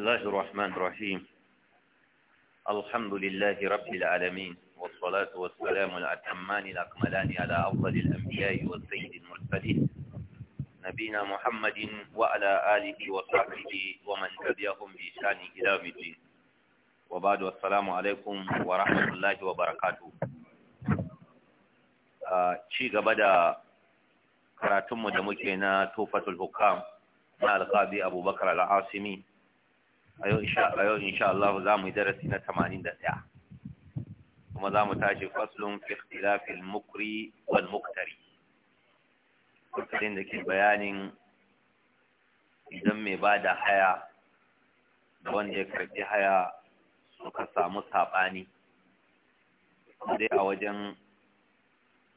الله الرحمن الرحيم الحمد لله رب العالمين والصلاة والسلام الأتمان الأكملان على أفضل الأنبياء والسيد المرسلين نبينا محمد وعلى آله وصحبه ومن تبعهم بإحسان إلى الدين وبعد والسلام عليكم ورحمة الله وبركاته ci gaba da karatunmu da muke na tufatul hukam na alƙabi abubakar al'asimi a yau insha Allah za mu yi darasi na tamanin da kuma za mu tashi faslun fi ikhtilafil mukri wal muktari kusurin da ke bayanin idan mai ba da haya da wanda ya karɓi haya suka samu saɓani dai a wajen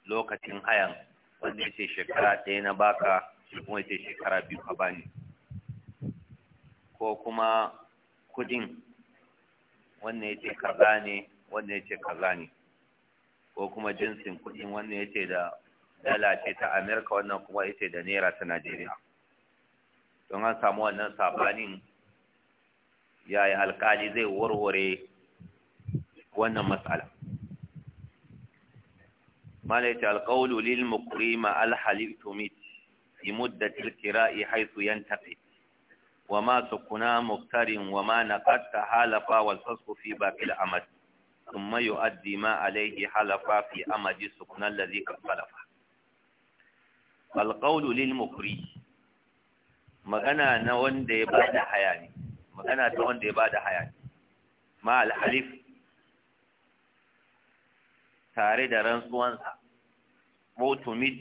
lokacin hayan wanda ya ce shekara ɗaya na baka shi kuma ya ce shekara biyu ka bani ko kuma kudin wannan ya ce kaza ne wannan ya ce kaza ne ko kuma jinsin kudin wannan ya ce da dala ce ta amerika wannan kuma ya ce da naira ta najeriya don an samu wannan sabanin yaya alkali zai warware wannan matsala malaita alƙaulu lil ma alhalittu mit fi kira'i haythu yantaqi وما سكنا مختار وما نقد تحالف والفسق في باقي الامد ثم يؤدي ما عليه حلف في امد السكن الذي قد خلف القول للمكري magana نوند wanda حياني bada نوند magana حياني ما الحليف tare da rantsuwansa motumid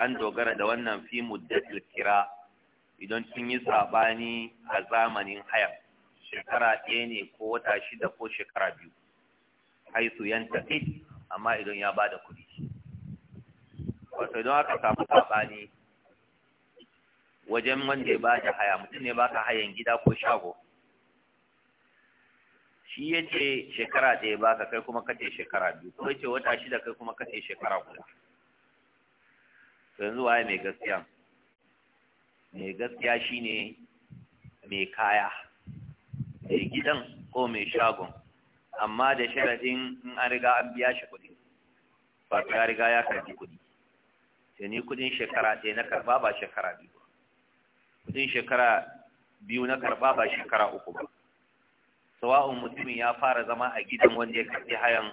an dogara da wannan fi muddatul kira idan sun yi sabani a zamanin haya shekara ɗaya ne ko wata shida ko shekara biyu haisu yan tafi amma idan ya bada kuɗi wato idan aka samu sabani wajen wanda ya bada haya mutum ne baka hayan gida ko shago shi ya ce shekara ɗaya baka kai kuma kace shekara biyu ko ya ce wata shida kai kuma kace shekara guda yanzu waye mai gaskiya mai gaskiya shine mai kaya mai gidan ko mai shagon amma da sharadin in an riga an biya shi kuɗi ba ya riga ya karbi kuɗi sai ni kuɗin shekara ɗaya na karɓa ba shekara biyu ba kuɗin shekara biyu na karɓa ba shekara uku ba sawa'un mutumin ya fara zama a gidan wanda ya karɓi hayan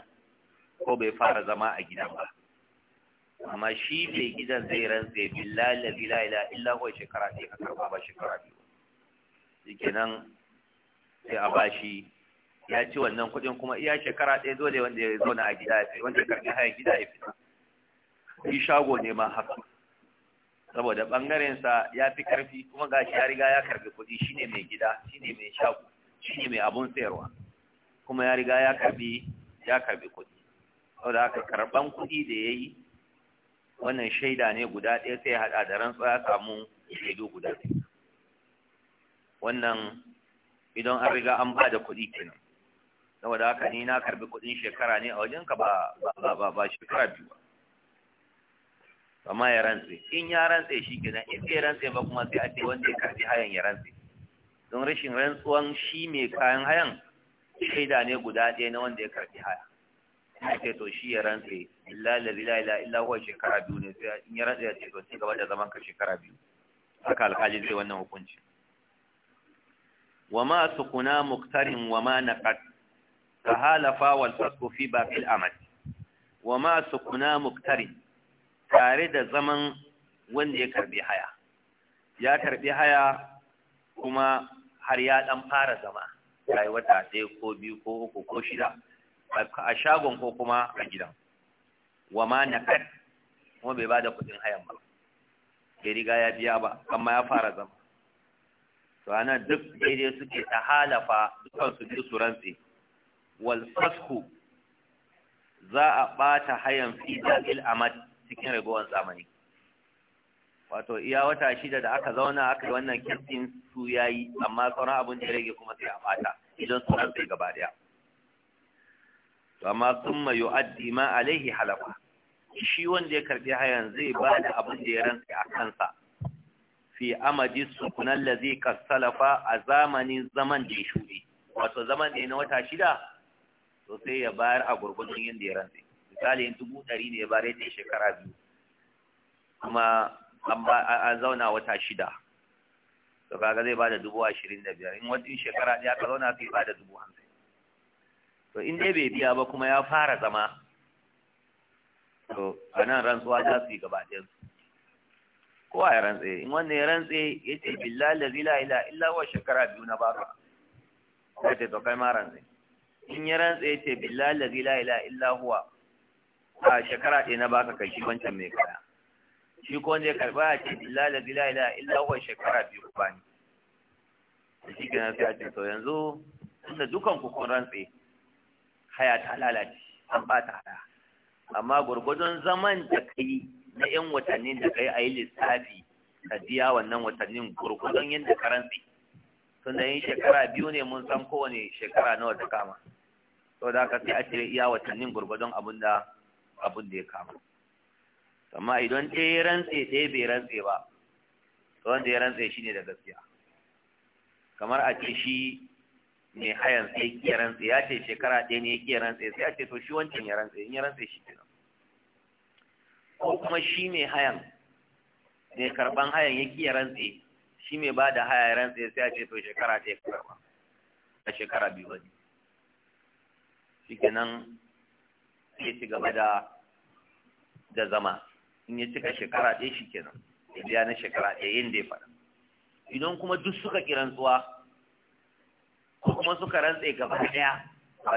ko bai fara zama a gidan ba amma shi bai gidan zai rantse billahi la billahi la illa huwa shekara ɗaya ka karɓa ba shekara biyu nan sai a bashi ya ci wannan kuɗin kuma iya shekara ɗaya dole wanda ya zauna a gida ya fi wanda ya karɓi hayan gida ya fita shi shago ne ma haka saboda ɓangarensa ya fi ƙarfi kuma ga shi ya riga ya karɓi kuɗi shi ne mai gida shi ne mai shago shi ne mai abun sayarwa kuma ya riga ya karɓi ya karɓi kuɗi saboda haka karɓan kuɗi da ya yi wannan shaida ne guda ɗaya sai haɗa da rantsuwa ya samu shaidu guda ɗaya wannan idan an riga an ba da kuɗi kenan saboda haka ni na karbi kuɗin shekara ne a wajenka ba ba ba ba shekara biyu ba amma ya rantse in ya rantse shi kenan in ya rantse ba kuma sai a ce wanda ya karbi hayan ya rantse don rashin rantsuwan shi mai kayan hayan shaida ne guda ɗaya na wanda ya karbi haya ya ce to shi ya rantse lillahi la ila illa huwa shekara biyu ne sai in ya rantse ya ce to sai gaba da zaman ka shekara biyu haka alƙali zai wannan hukunci wa ma suquna muqtarin wa ma naqat ka halafa wal fasqu fi baqil amad wa ma suquna muqtarin tare da zaman wanda ya karbi haya ya karbi haya kuma har ya dan fara zama rayuwa ta sai ko biyu ko uku ko shida a shagon ko kuma a gidan wa ma naqad kuma bai bada kudin hayan ba ke riga ya biya ba amma ya fara zama to ana duk daidai suke ta halafa dukkan su biyu su rantse wal fasku za a bata hayan fi dalil amad cikin ragowar zamani wato iya wata shida da aka zauna aka yi wannan kirkin su yayi amma sauran abin da rage kuma sai a bata idan su rantse gaba daya sun amma yi addi ma alaihi halafa shi wanda ya karbi hayan zai ba da abin da ya rantsa a kansa fi amadi sukunan lazi kasalafa a zamanin zaman da ya shuɗe wato zaman da ya na wata shida to sai ya bayar a gurgudun yadda ya rantsa misali yin dubu ɗari ne ya bayar da shekara biyu kuma an zauna wata shida to kaga zai ba da dubu ashirin da biyar in wajen shekara ɗaya ka zauna sai ba da dubu hamsin to in dai bai biya ba kuma ya fara zama to a nan rantsuwa za su yi gaba ɗayan su kowa ya rantse in wanda ya rantse ya ce billahi la zila ila illa wa shekara biyu na baka sai ta to kai ma rantse in ya rantse ya ce billahi la zila ila illa huwa a shekara ɗaya na baka kai shi wancan mai kaya shi ko wanda ya karɓa ya ce billahi la zila ila illa shekara biyu ba ni da shi kenan sai a ce to yanzu tunda dukan ku kun rantse haya ta lalace an bata haya amma gurgudun zaman da kai na yan watannin da kai yi lissafi ka biya wannan watannin gurgudun yadda karanti tunda yin shekara biyu ne mun san kowane shekara nawa ta kama sau da aka sai a cire iya watannin gurgudun abun da abun da ya kama amma idan ɗaya rantse ɗaya bai rantse ba to wanda ya rantse shi ne da gaskiya kamar a ce shi Me hayan sai ya rantse ya ce shekara ɗaya ne ya rantse sai a ce to shi wancan ya rantse in ya rantse shi ke ko kuma shi me hayan me karban hayan ya kiya rantse shi mai ba da haya ya rantse sai a ce to shekara ɗaya karba a shekara biyu ba shi nan ya ci gaba da da zama in ya cika shekara ɗaya shi nan ya biya na shekara ɗaya yin da ya faɗa idan kuma duk suka kiran tsuwa ko kuma suka rantse gaba daya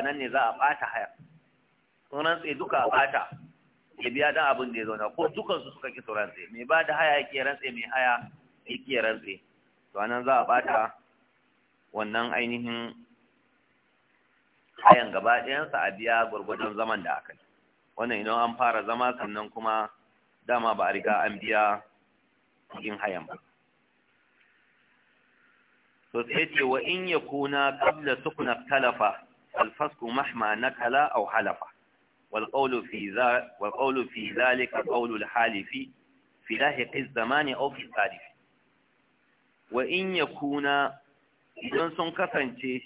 nan ne za a bata haya sun rantse duka a bata ya biya dan abin da ya zauna ko dukan su suka ki su rantse mai ba da haya yake rantse mai haya yake rantse to anan za a bata wannan ainihin hayan gaba ɗayansa a biya gwargwadon zaman da aka yi wannan idan an fara zama sannan kuma dama ba a riga an biya cikin hayan ba to sai ce wa in ya kuna kabla sukuna talafa alfasku mahma nakala aw halafa wal qawlu fi za wal qawlu fi fi lahiqi zamani aw fi ya kuna idan sun kasance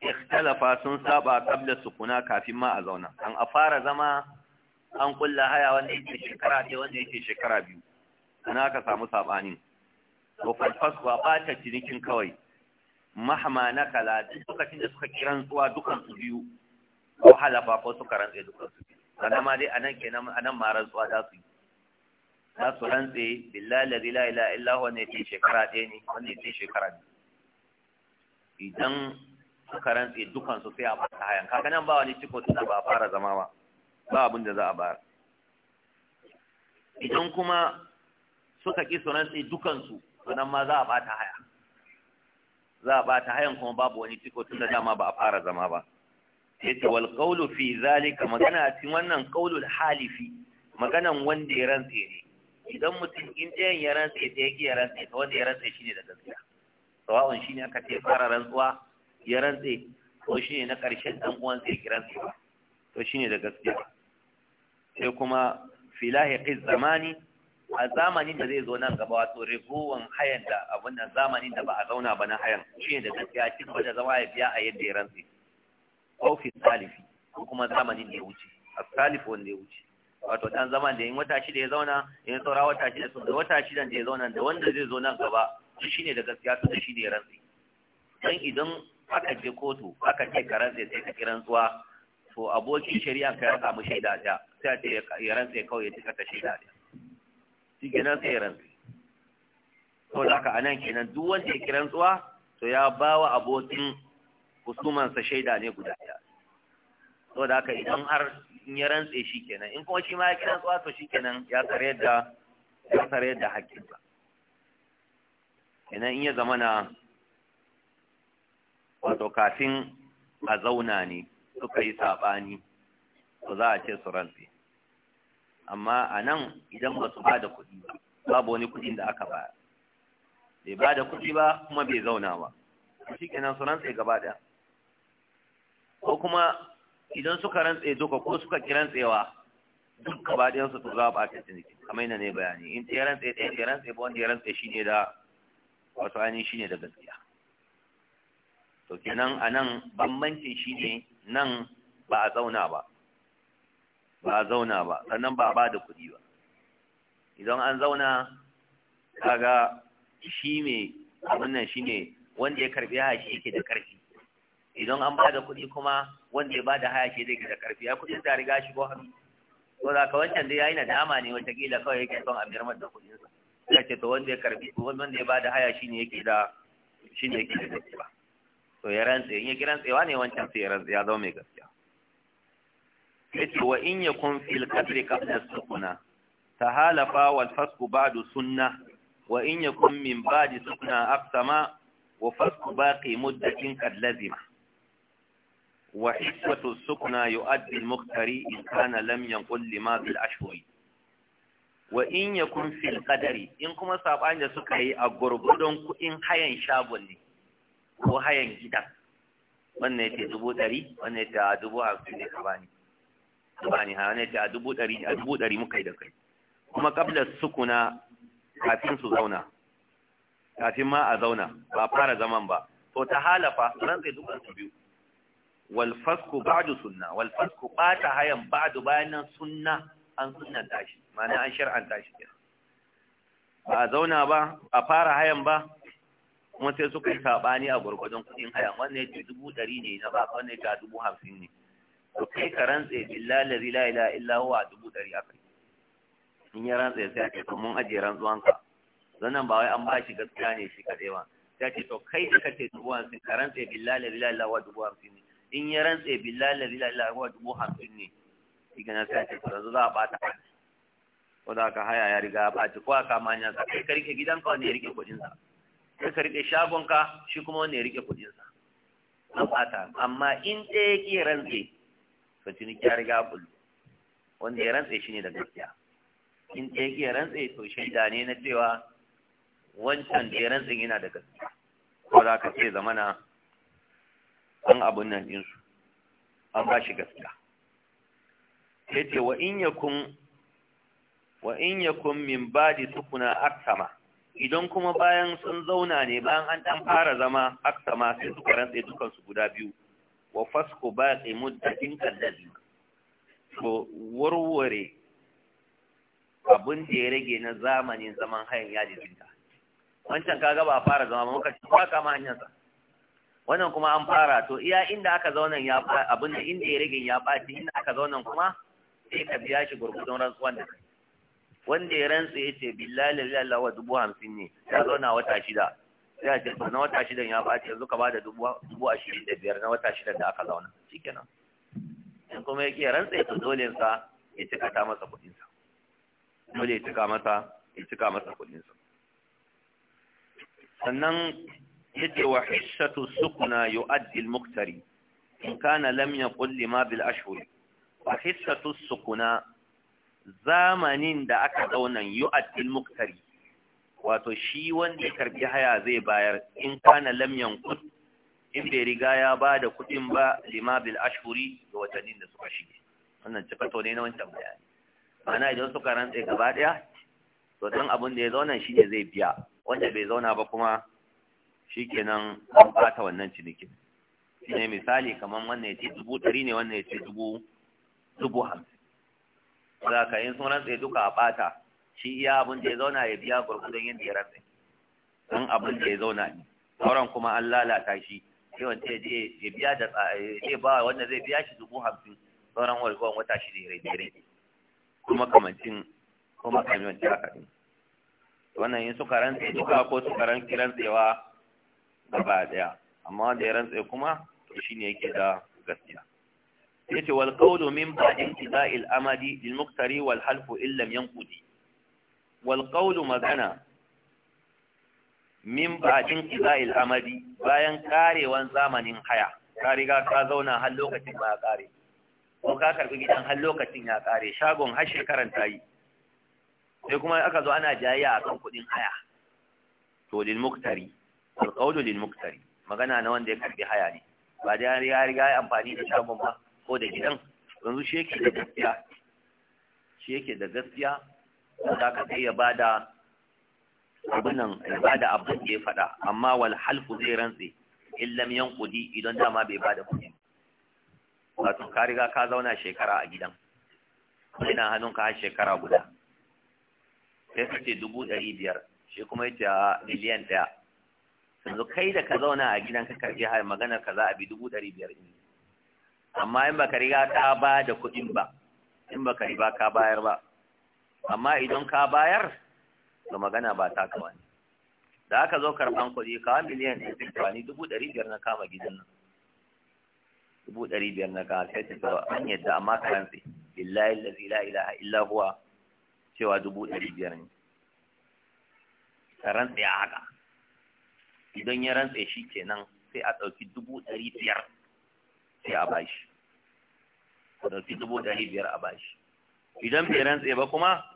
ikhtalafa sun saba kabla sukuna kafin ma a zauna an fara zama an kulla haya wanda yake shekara ɗaya wanda yake shekara biyu sun aka samu sabanin to falfaswa ba ta cinikin kawai mahama na kala duk lokacin da suka kiran zuwa dukan su biyu ko halafa ko suka rantse dukan su sannan ma dai anan kenan anan ma rantsuwa za su yi za su rantse billahi la ilaha illa illa wanda ya ce shekara ɗaya ne wanda ya ce shekara biyu idan suka rantse dukan su sai a bata hayan kaga nan ba wani ciko da ba a fara zama ba ba abin da za a bayar idan kuma suka ki su rantse dukansu to nan ma za a bata haya za a bata hayan kuma babu wani ciko tun da dama ba a fara zama ba yace wal qawlu fi zalika magana cikin wannan qawlul halifi maganan wanda ya rantse ne idan mutum in ɗayan ya rantsa ta yake ya rantsa to wanda ya rantsa shine da gaskiya sawa'un shine aka ce fara rantsuwa ya rantse to shine na ƙarshen dan uwan sai ki rantse ba to shine da gaskiya sai kuma fi lahiqiz zamani a zamanin da zai zo nan gaba wato rigowan hayan da abin nan zamanin da ba a zauna ba na hayan shi da gaskiya cikin da zama ya biya a yadda ya rantsi ofis talifi ko kuma zamanin da ya wuce a talifi wanda ya wuce wato dan zaman da yin wata shida ya zauna yin saura wata shida su da wata shida da ya zauna da wanda zai zo nan gaba shi ne da gaskiya su da shi ne ya rantsi dan idan aka je kotu aka ce ka rantsi sai ka kiran zuwa to abokin shari'a ka ya samu shaida ta sai ya rantsi kawai ya cika ta shaida ta shi kenan sai ya rantsi to da haka anan kenan duk wanda ya kiran tsuwa to ya bawa abokin husumansa shaida ne guda ɗaya to da haka idan har in ya rantse shi kenan in kuma shi ma ya kiran tsuwa to shi kenan ya tsare da ya tsare da hakkinsa kenan in ya zama na wato kafin a zauna ne suka yi saɓani to za a ce su rantse amma a nan idan ba su ba da kuɗi ba babu wani kuɗin da aka ba bai ba da kuɗi ba kuma bai zauna ba shi kenan su rantse gaba da ko kuma idan suka rantse duka ko suka ki rantsewa duk gaba ɗayan su to za a ɓata ciniki kamar yana ne bayani in ɗaya rantse ɗaya ɗaya rantse ba wanda ya rantse shi ne da wasu ainihin shi ne da gaskiya to kenan a nan bambancin shi ne nan ba a zauna ba ba a zauna ba sannan ba a ba da kuɗi ba idan an zauna kaga shi ne wannan shi ne wanda ya karbi haya shi yake da ƙarfi idan an ba da kuɗi kuma wanda ya ba da haya shi yake da ƙarfi ya kuɗin da riga shi ko hannu ko za ka wancan dai ya yi dama ne kila kawai yake son a biyar mata sa ya ce to wanda ya ko wanda ya ba da haya shi ne yake da shi ne yake da gaskiya to ya rantse in ya kiran tsewa ne wancan sai ya rantse ya zama mai gaskiya yace wa in yakun fil qadri qabla sukuna tahalafa wal fasqu ba'du sunnah wa in yakun min ba'di sukuna aqsama wa fasqu baqi muddatin qad lazima wa hissatu sukuna yu'addi al muqtari in kana lam yanqul ma bil ashhuri wa in yakun fil qadari in kuma sabani da suka yi a gurgudun kuɗin hayan shagon ne ko hayan gidan wannan ya ce dubu ɗari wannan ya ce dubu hamsin ne ka bani bani ha ne a dubu ɗari a dubu ɗari muka yi da kai kuma su sukuna kafin su zauna kafin ma a zauna ba fara zaman ba to ta halafa ran sai dukan su biyu Walfasku fasku ba'du sunna walfasku fasku bata hayan ba'du bayan nan sunna an sunna tashi mana an shar'an tashi ba a zauna ba a fara hayan ba kuma sai suka yi saɓani a gwargwadon kuɗin hayan wannan ya ce dubu ɗari ne na ba wannan ya ce dubu hamsin ne to kai ka rantse billahi la ilaha illa huwa dubu dari akai in ya rantse sai ake to mun aje rantsuwanka sannan ba wai an ba shi gaskiya ne shi kadai ba sai ce to kai da kace dubu sai ka rantse billahi la ilaha illa huwa dubu hamsin ne in ya rantse billahi la ilaha illa huwa dubu hamsin ne shi gana sai ce to yanzu za a bata ko da ka haya ya riga ya ɓaci ko a kama ya sa kai ka rike gidanka wani ya rike kudinsa, sai ka rike shagonka shi kuma wani ya rike kudinsa. an bata amma in ɗaya ya rantse to ciniki ya riga bullo wanda ya rantse shi ne da gaskiya in ta yake rantse to shaida ne na cewa wancan da ya rantse yana da gaskiya ko za ka ce zamana an abun nan ɗinsu an ba shi gaskiya ya ce wa in kun wa in kun min badi tukuna aksama idan kuma bayan sun zauna ne bayan an ɗan fara zama aksama sai suka rantse dukansu guda biyu wa fasku baƙi muddatin kallabi to warware abin da ya rage na zamanin zaman hayan ya jikinta wancan kaga ba a fara zama ba muka ci ba kama hanyarsa wannan kuma an fara to iya inda aka zaunan ya abin da inda ya rage ya ɓaci inda aka zaunan kuma sai ka biya shi gurgudun rantsuwan da kai wanda ya rantsu ya ce billahi lillahi wa dubu hamsin ne ya zauna wata shida sai a ce na wata shidan ya ɓaci yanzu ka bada dubu ashirin da biyar na wata shidan da aka zauna shikenan in kuma yake ƙi rantsa to dole ya cika ta masa kuɗinsa dole ya cika masa ya cika masa kuɗinsa sannan yace wa hissatu sukuna yu'addi al-muqtari in kana lam yaqul lima bil ashhur wa hissatu sukuna zamanin da aka zauna yu'addi al-muqtari wato shi wanda ya karbi haya zai bayar in kana lam yankut in bai riga ya ba da kudin ba lima bil ashhuri ga watannin da suka shige wannan cikato ne na wancan bayani Mana idan suka rantsa gaba ɗaya to dan abin da ya zauna shi ne zai biya wanda bai zauna ba kuma shikenan an bata wannan cinikin ne misali kamar wannan yace dubu ɗari ne wannan yace dubu dubu hamsin za ka yin sun rantse duka a ɓata shi iya abin da ya zauna ya biya gurgudun yadda ya rantsa don abin da ya zauna ne sauran kuma an lalata shi sai wanda ya biya da zai ba wanda zai biya shi dubu hamsin sauran wargon wata shi da ya rai kuma kamancin kuma kamancin haka ɗin wannan yin suka rantsa duka ko suka rantsa rantsewa gaba ɗaya amma wanda ya rantsa kuma to ne yake da gaskiya yace wal qawlu min ba'in qida'il amadi lil muqtari wal halfu illam yanqudi wal qawlu magana min ba'din qida'il amadi bayan karewan zamanin haya ka riga ka zauna har lokacin ba kare ko ka karbi gidan har lokacin ya kare shagon har shekaran ta yi sai kuma aka zo ana jayayya akan kuɗin haya to lil muktari al qawlu lil muktari magana na wanda ya karbi haya ne ba da ya riga ya amfani da shagon ba ko da gidan yanzu shi yake da gaskiya shi da gaskiya za ka sai ya bada abinan ya bada abin da ya faɗa amma wal halfu zai rantse in lam yanqudi idan dama bai bada kuɗi wato ka riga ka zauna shekara a gidan ina hannun ka shekara guda sai ka ce dubu ɗari biyar shi kuma ya ce a miliyan ɗaya yanzu kai da ka zauna a gidan ka karɓi har maganar ka za a bi dubu ɗari biyar in amma in baka riga ka ba da kuɗin ba in baka riga ka bayar ba amma idan ka bayar ga magana ba ta kama ne da aka zo karɓan kuɗi kawai miliyan ɗin fitowa ni dubu ɗari biyar na kama gidan nan dubu ɗari biyar na kama sai ta fitowa an yadda amma ka rantse illa lazi la ilaha illa huwa cewa dubu ɗari biyar ne ka rantse a haka idan ya rantse shi kenan sai a ɗauki dubu ɗari biyar sai a bashi a ɗauki dubu ɗari biyar a bashi idan bai rantse ba kuma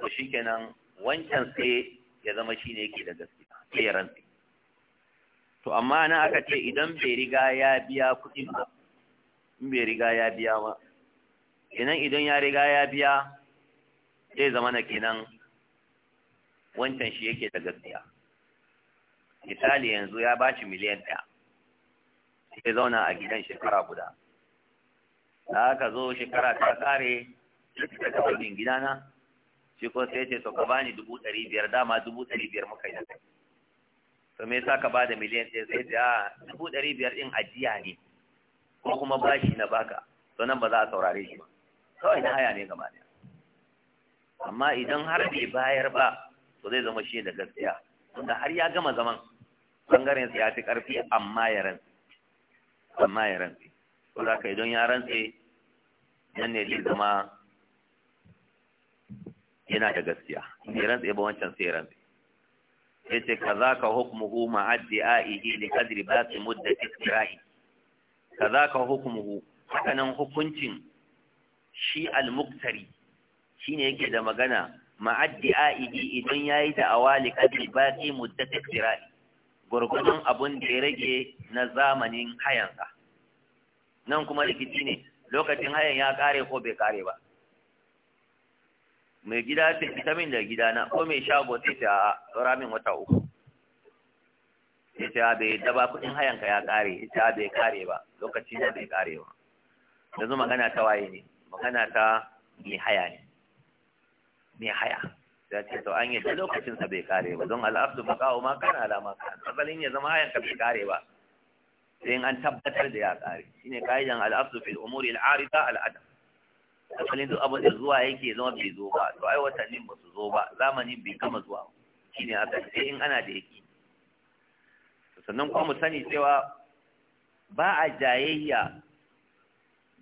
to shikenan wancan sai ya zama shi ne yake da gaskiya sai ya rantsi to amma na aka ce idan bai riga ya biya kuɗin ba in bai riga ya biya ba kenan idan ya riga ya biya zai zama na kenan wancan shi yake da gaskiya misali yanzu ya ba shi miliyan ɗaya sai zauna a gidan shekara guda da aka zo shekara ta kare da ta gidana shi ko sai ce to ka bani dubu ɗari biyar dama dubu ɗari biyar muka yi to me yasa ka ba da miliyan ɗaya sai ce a dubu ɗari biyar ɗin ajiya ne ko kuma bashi na baka to nan ba za a saurare shi ba kawai na haya ne gaba ɗaya amma idan har bai bayar ba to zai zama shi da gaskiya tunda har ya gama zaman bangaren sa ya fi ƙarfi amma ya rantsi amma ya rantsi ko za ka idan ya rantsi nan ne zai zama yana da gaskiya in rantsa ba wancan sai rantsa sai ce kazaka hukmuhu ba li mudda baqi Ka za ka hukmuhu hakanan hukuncin shi al shi shine yake da magana ma'addi'aihi idan ya yi da awali ba su mudda isra'i gurgudun abun da ya rage na zamanin hayansa nan kuma rikici ne lokacin hayan ya kare ko bai kare ba mai gida ce ita min da gidana ko mai shago sai ta tsora min wata uku sai ta bai daba ba kuɗin hayanka ya ƙare ita bai ƙare ba lokaci da bai ƙare ba yanzu magana ta waye ne magana ta mai haya ne mai haya ya ce to an yadda lokacinsa bai ƙare ba don al'abdu makawo ma kana alama kana asalin ya zama hayanka bai ƙare ba sai an tabbatar da ya ƙare shine ka'idan al'abdu fil umuri al'arida al'adam asalin duk abin da zuwa yake zama bai zo ba to ai watannin ba su zo ba zamanin bai gama zuwa shine haka sai in ana da yaki sannan kuma mu sani cewa ba a jayayya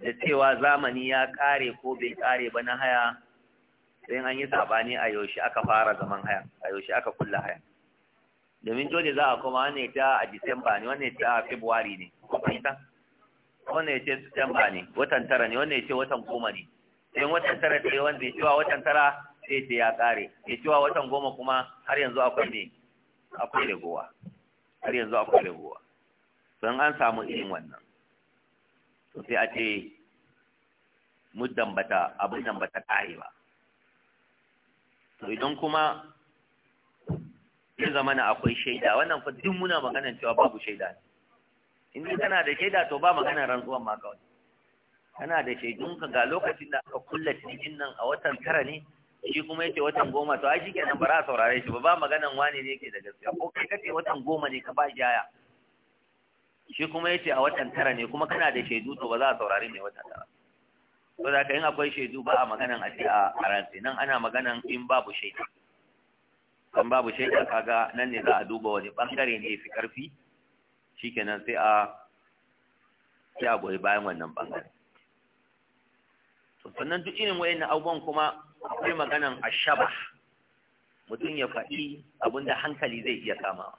da cewa zamani ya kare ko bai kare ba na haya sai an yi sabani a yaushe aka fara zaman haya a yaushe aka kulla haya domin dole za a kuma wannan ita a disamba ne wannan ita a february ne ko wannan ita ce september ne watan tara ne wannan ita watan goma ne in watan tara da yawan ya cewa watan tara sai ce ya kare ya cewa watan goma kuma har yanzu akwai ne akwai ragowa har yanzu akwai ragowa don an samu irin wannan to sai a ce muddan bata abin nan bata kare ba to idan kuma ya zama na akwai shaida wannan fa duk muna maganar cewa babu shaida ne in kana da shaida to ba maganar rantsuwan ma kawai kana da shaidunka ga lokacin da aka kulla cikin nan a watan tara ne shi kuma yake watan goma to ai kenan ba za a saurare shi ba ba maganan wane ne yake da gaskiya ko kai kace watan goma ne ka ba jaya shi kuma yace a watan tara ne kuma kana da shaidu to ba za a saurare mai watan tara ko da ka yin akwai shaidu ba a maganan a ce a rantsi nan ana maganan in babu shaidu kan babu shaidu kaga nan ne za a duba wani bangare ne fi karfi shikenan sai a sai a goyi bayan wannan bangare sannan duk irin na abubuwan kuma akwai maganan shaba mutum ya faɗi abinda hankali zai iya kama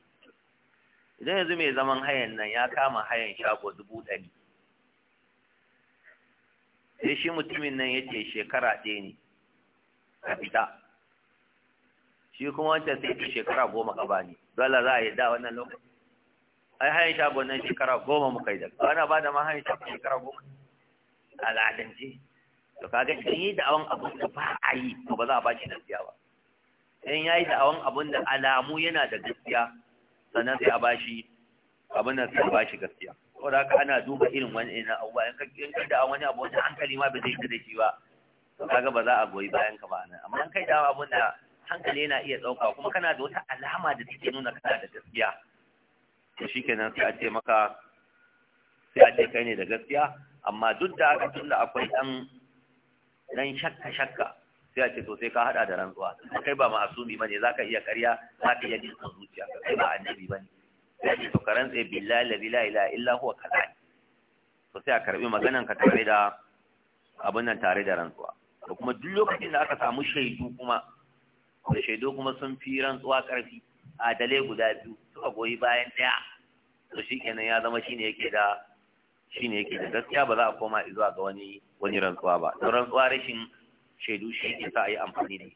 idan yanzu mai zaman hayan nan ya kama hayan shago dubu ɗari sai shi mutumin nan ya ce shekara ɗaya ne ka fita shi kuma wancan sai ce shekara goma ka bani dole za a yi da wannan lokaci ai hayan shago nan shekara goma muka yi da ana ba da ma hayan shago shekara goma al'adance to kaga idan yi awan abun da ba a yi to ba za a ba shi gaskiya ba in ya yi awan abun da alamu yana da gaskiya sannan sai a ba shi abin da sai a ba shi gaskiya ko da haka ana duba irin wani ina abuwa in ka in da awan wani abu wani hankali ma ba zai yi da shi ba to kaga ba za a goyi bayan ka ba nan amma in kai da abun da hankali yana iya ɗauka kuma kana da wata alama da take nuna kana da gaskiya to shikenan sai a ce maka sai a ce kai ne da gaskiya amma duk da haka da akwai ɗan dan shakka shakka sai a ce to sai ka hada da rantsuwa kai ba ma'asumi bane zaka iya ƙarya zaka iya jin zuciya Ka kai ba annabi bane sai ce to ka rantse billahi la ilaha illa huwa to sai a karbi maganan ka tare da abin nan tare da rantsuwa to kuma duk lokacin da aka samu shaidu kuma da shaidu kuma sun fi rantsuwa karfi a dale guda biyu suka goyi bayan daya to shikenan ya zama shine yake da shine yake da gaskiya ba za a koma zuwa ga wani wani rantsuwa ba don rantsuwa rashin shaidu shi ke sa a yi amfani da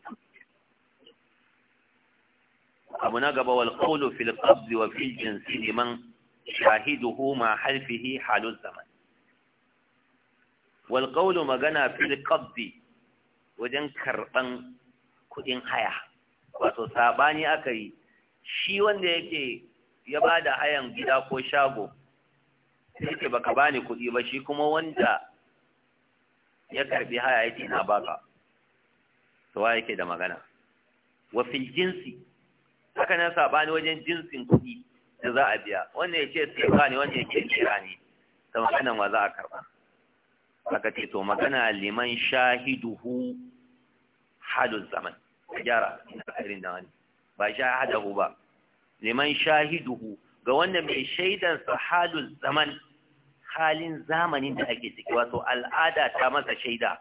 abu na gaba wal qawlu fil qabd wa fil jinsi liman shahiduhu ma halfihi halul zaman wal qawlu magana fil wajen karban kudin haya wato sabani aka yi shi wanda yake ya bada hayan gida ko shago sai ce baka bani kuɗi ba shi kuma wanda ya karbi haya yace na baka to yake da magana wa fil jinsi haka nan sabani wajen jinsin kuɗi da za a biya wannan yace sai ne wannan yake kira ne ta maganan wa za a karba aka ce to magana liman shahiduhu halul zaman ka gyara irin da wani ba shahadahu ba liman shahiduhu ga wanda mai shaidansa halul zaman halin zamanin da ake ciki wato al'ada ta masa shaida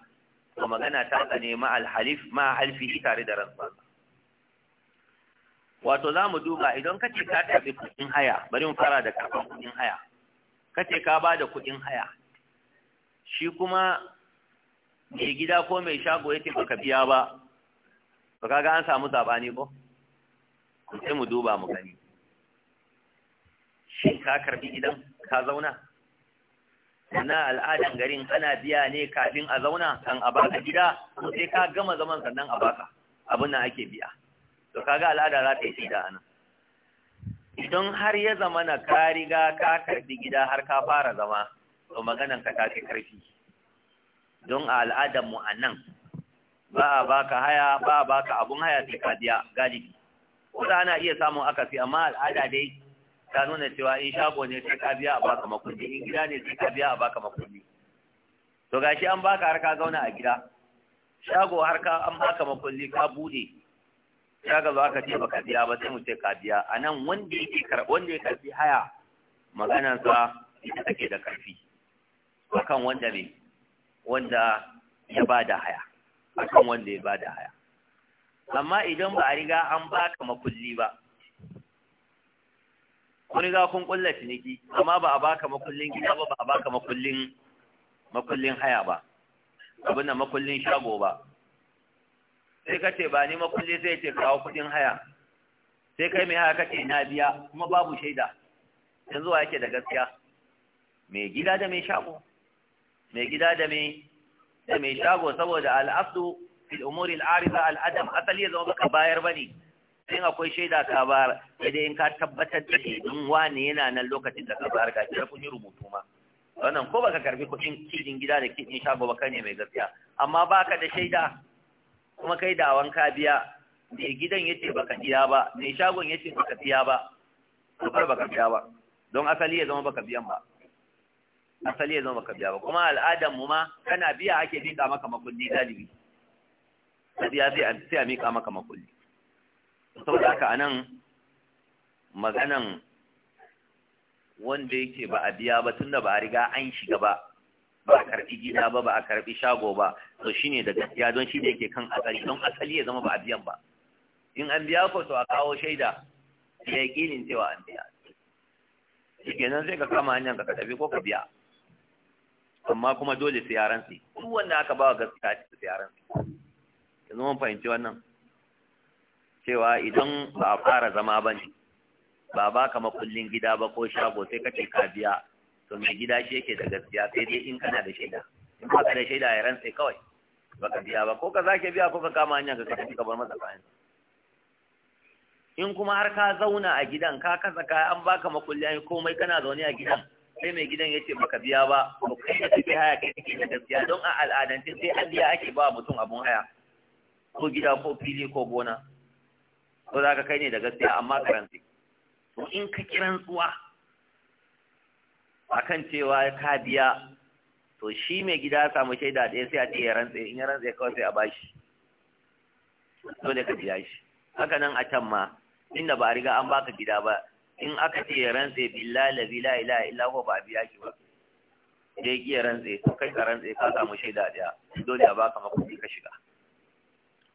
ko magana ta tsane ma alhalif ma halfi tare da ransa wato za mu duba idan kace ka tafi kuɗin haya bari mu fara da kafin kuɗin haya kace ka ba da kuɗin haya shi kuma mai gida ko mai shago yake baka biya ba ba kaga an samu zabani ko sai mu duba mu gani Shi ka karbi idan ka zauna sannan al'adan garin ana biya ne kafin a zauna kan a baka gida ko sai ka gama zaman sannan a baka abin nan ake biya to kaga al'ada za ta yi da nan. idan har ya zama na ka riga ka karbi gida har ka fara zama to maganan ka ta fi karfi don a al'adan mu anan ba a baka haya ba a baka abun haya sai ka biya galibi ko da ana iya samun akasi amma al'ada dai ta nuna cewa in shago ne sai ka biya a baka makulli in gida ne sai ka biya a baka makulli to gashi an baka har ka zauna a gida shago har ka an baka makulli ka bude shago za ka ce baka biya ba sai mu ce ka biya a nan wanda yake kar wanda ya karɓi haya maganansa ita take da ƙarfi akan wanda ne wanda ya ba da haya akan wanda ya ba da haya amma idan ba a riga an baka makulli ba kun riga kun kulla ciniki amma ba a baka makullin gida ba ba a baka makullin makullin haya ba abin da makullin shago ba sai ka ce ba ni makulli sai ce kawo kudin haya sai kai mai haya ka ce na biya kuma babu shaida yanzu wa yake da gaskiya mai gida da mai shago mai gida da mai da mai shago saboda al'abdu fil umuri al'arida al'adam asali ya zama baka bayar bane in akwai shaida ka bar sai dai in ka tabbatar da shi in wani yana nan lokacin da ka bar ka kira kun yi rubutu ma wannan ko baka karbi kudin kidin gida da kidin shago ba ne mai gaskiya amma baka da shaida kuma kai dawon ka biya mai gidan yace baka biya ba mai shagon yace baka biya ba ko kar baka biya ba don asali ya zama baka biyan ba asali ya zama baka biya ba kuma al'adan mu ma kana biya ake dinka maka makulli dalibi sai a mika maka makulli saboda haka anan maganan wanda yake ba a biya ba tunda ba a riga an shiga ba ba a karbi gida ba ba a karbi shago ba to shine da gaskiya don shi ne yake kan asali don asali ya zama ba a biyan ba in an biya ko to a kawo shaida ya yi kinin cewa an biya shikenan sai ka kama hanyar ka tafi ko ka biya amma kuma dole sai yaran su duk wanda aka ba gaskiya su yaran su yanzu mun fahimci wannan cewa idan ba a fara zama ba ne ba ba ka makullin gida ba ko shago sai kake ka biya to mai gida shi yake da gaskiya sai dai in kana da shaida in ba ka da shaida ya rantse kawai ba ka biya ba ko ka zake biya ko ka kama hanya ka tafi ka bar masa kayan in kuma har ka zauna a gidan ka kasa kaya an baka makulli an komai kana zaune a gidan sai mai gidan ya ce baka biya ba to kai da kake haya kai kake da gaskiya don a al'adance sai an biya ake ba mutum abun haya ko gida ko fili ko gona ko za ka kai ne da gaskiya amma ka rantse to in ka ki rantsuwa kan cewa ka biya to shi mai gida ya samu shaida ɗaya sai a ce ya rantse in ya rantse kawai sai a bashi dole ka biya shi haka nan a can ma inda ba a riga an baka gida ba in aka ce ya rantse billahi la bila illa ko ba biya shi ba ki ya rantse to kai ka rantse ka samu shaida ɗaya dole a baka makoki ka shiga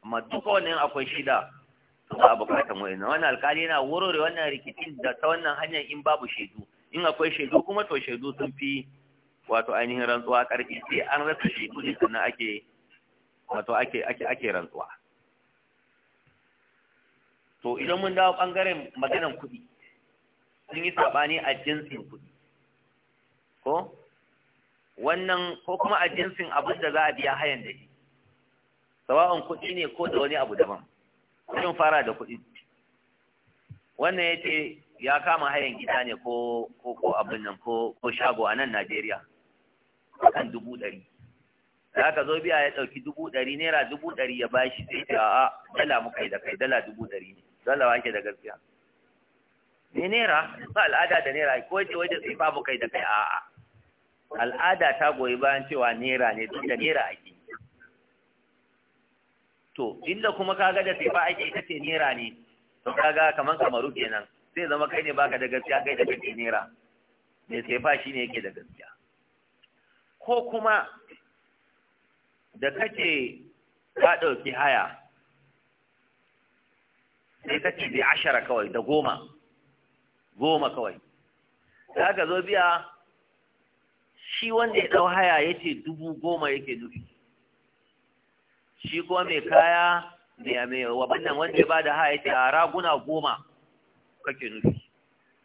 amma duka wannan akwai shida ba a bukatar wa'annan wannan alkali yana wurare wannan rikicin da ta wannan hanyar in babu shaidu in akwai shaidu kuma to shaidu sun fi wato ainihin rantsuwa karfi sai an rasa shaidu ne sannan ake wato ake ake ake rantsuwa to idan mun dawo bangaren maganan kuɗi sun yi sabani a jinsin kuɗi ko wannan ko kuma a jinsin abin da za a biya hayan da shi sawa'un kuɗi ne ko da wani abu daban kudin fara da kuɗi wannan ya ce ya kama hayan gida ne ko ko abin nan ko shago a nan Najeriya kan dubu ɗari Za ka zo biya ya ɗauki dubu ɗari naira dubu ɗari ya bashi sai ce a dala muka yi da kai dala dubu ɗari ne dala wake da gaskiya ne naira ba al'ada da naira ko ce waje sai babu kai da kai a'a al'ada ta goyi bayan cewa naira ne duk da naira ake to inda kuma kaga da sefa ake ita ce nera ne to kaga kaman kamaru kenan sai zama kai ne baka da gaskiya kai da kake nera mai sefa shine yake da gaskiya ko kuma da kake ka ɗauki haya sai kake bi ashara kawai da goma goma kawai ka zo biya shi wanda ya dau haya ya ce dubu goma yake nufi shi kuma mai kaya mai mai wabannan wanda ya bada haya ce a raguna goma kake nufi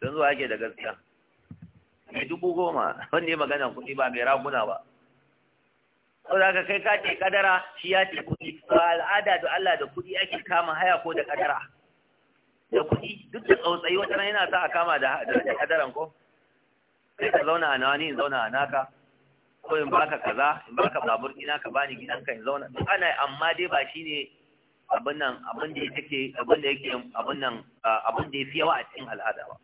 don zuwa ake da gaskiya mai dubu goma wanda ya magana kuɗi ba mai raguna ba sau da kai ka ce kadara shi ya ce kudi. ba al'ada da Allah da kudi ake kama haya ko da kadara da kudi, duk da tsautsayi wata yana sa a kama da kadaran ko sai ka zauna a nawa in zauna a naka ko in baka kaza in baka babur ina ka bani gidanka in zauna duk ana amma dai ba shine abin nan abin da yake abin da yake abin nan abin da yafi yawa a cikin al'ada ba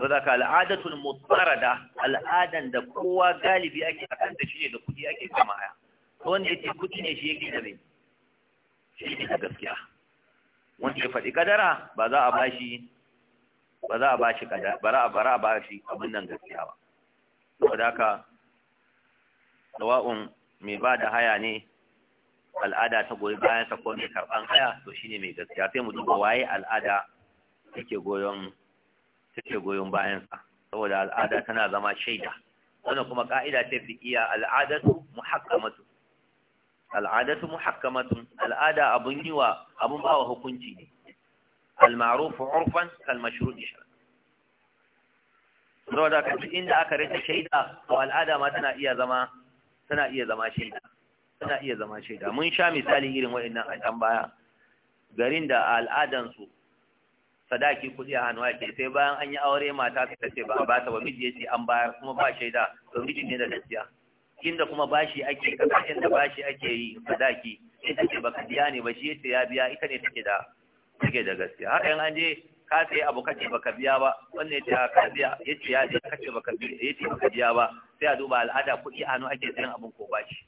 to da al'adatul mutarada al'adan da kowa galibi ake akan da shine da kudi ake kama aya to wanda yake kudi ne shi yake da me shi yake da gaskiya wanda ya faɗi kadara ba za a bashi ba za a bashi kadara ba za a bashi abin nan gaskiya ba saboda ka sawa'un mai ba da haya ne al'ada ta goyi bayan sa ko mai karɓan haya to shi ne mai gaskiya sai mu duba waye al'ada take goyon take goyon bayansa. saboda al'ada tana zama shaida wannan kuma ka'ida ta iya al'adatu muhakkamatu al'adatu muhakkamatun al'ada abun yiwa abun ba wa hukunci ne al-ma'ruf 'urfan kal mashrud shar'an saboda kace inda aka rike shaida to al'ada ma tana iya zama suna iya zama shaida suna iya zama shaida mun sha misali irin wa'annan a can baya garin da al'adansu sadaki kuɗi a hannu ake sai bayan an yi aure mata su ce ba ba ta ba miji ya ce an bayar kuma ba shaida to miji ne da gaskiya inda kuma bashi ake kasashen da bashi ake yi sadaki ita ce baka biya ne ba shi yace ya biya ita ne take da take da gaskiya haka in an je ka sai abu kace baka biya ba wannan yace ka biya yace ya ce kace baka biya yace baka biya ba sai a duba al'ada kuɗi a hannu ake sayan abun ko bashi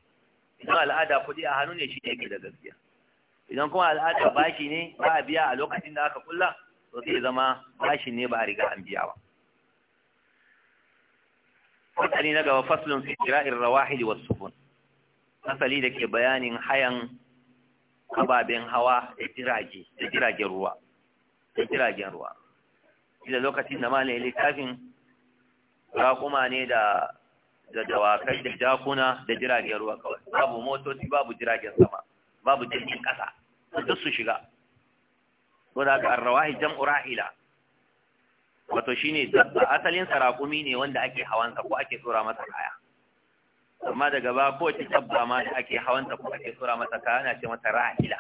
idan al'ada kuɗi a hannu ne shi ne yake da gaskiya idan kuma al'ada bashi ne ba a biya a lokacin da aka kulla to sai zama bashi ne ba a riga an biya ba Fasali na gaba faslun fi jira'in rawahili wasu sufun. Asali da ke bayanin hayan ababen hawa da jirage da jiragen ruwa da jiragen ruwa da lokacin da malaye littafin rakuma ne da da dawakai da jakuna da jiragen ruwa kawai babu motoci babu jiragen sama babu jirgin ƙasa duk su shiga ko da ka arrawahi jam'u rahila wato ne dabba asalin sarakumi ne wanda ake hawansa ko ake tsora masa kaya amma daga ba ko ci tabba ma ake hawansa ko ake tsora masa kaya ana ce mata ra'ila